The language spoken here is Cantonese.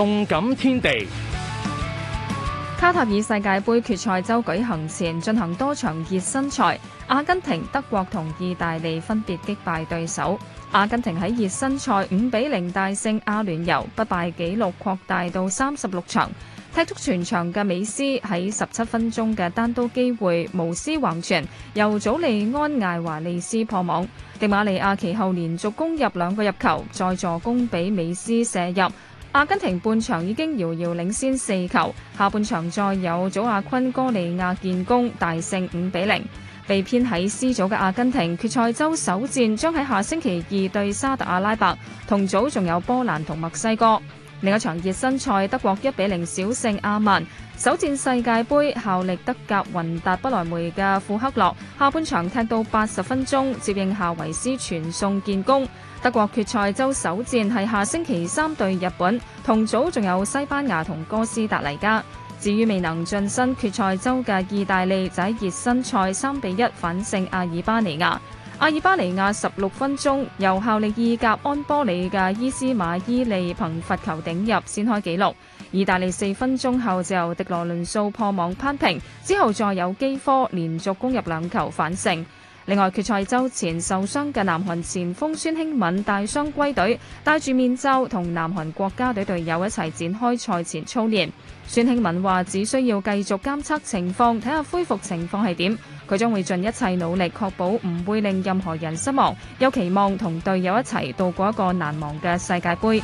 動感天地。卡塔爾世界盃決賽周舉行前進行多場熱身賽，阿根廷、德國同意大利分別擊敗對手。阿根廷喺熱身賽五比零大勝阿聯酋，不敗紀錄擴大到三十六場。踢足全場嘅美斯喺十七分鐘嘅單刀機會無私橫傳，由祖利安艾華利斯破網。迪馬利亞其後連續攻入兩個入球，再助攻俾美斯射入。阿根廷半場已經遙遙領先四球，下半場再有祖亞坤哥利亞建功，大勝五比零。被編喺 C 組嘅阿根廷，決賽周首戰將喺下星期二對沙特阿拉伯，同組仲有波蘭同墨西哥。另一場熱身賽，德國一比零小勝阿曼。首戰世界盃效力德甲雲達不萊梅嘅庫克洛，下半場踢到八十分鐘，接應夏維斯傳送建功。德國決賽周首戰係下星期三對日本，同組仲有西班牙同哥斯達黎加。至於未能晉身決賽周嘅意大利，就喺熱身賽三比一反勝阿爾巴尼亞。阿爾巴尼亞十六分鐘由效力意甲安波里嘅伊斯馬伊利憑罰球頂入先開紀錄，意大利四分鐘後就由迪羅倫素破網扳平，之後再有基科連續攻入兩球反勝。另外，決賽周前受傷嘅南韓前鋒孫興敏帶傷歸隊，戴住面罩同南韓國家隊隊友一齊展開賽前操練。孫興敏話：只需要繼續監測情況，睇下恢復情況係點。佢將會盡一切努力，確保唔會令任何人失望。又期望同隊友一齊度過一個難忘嘅世界盃。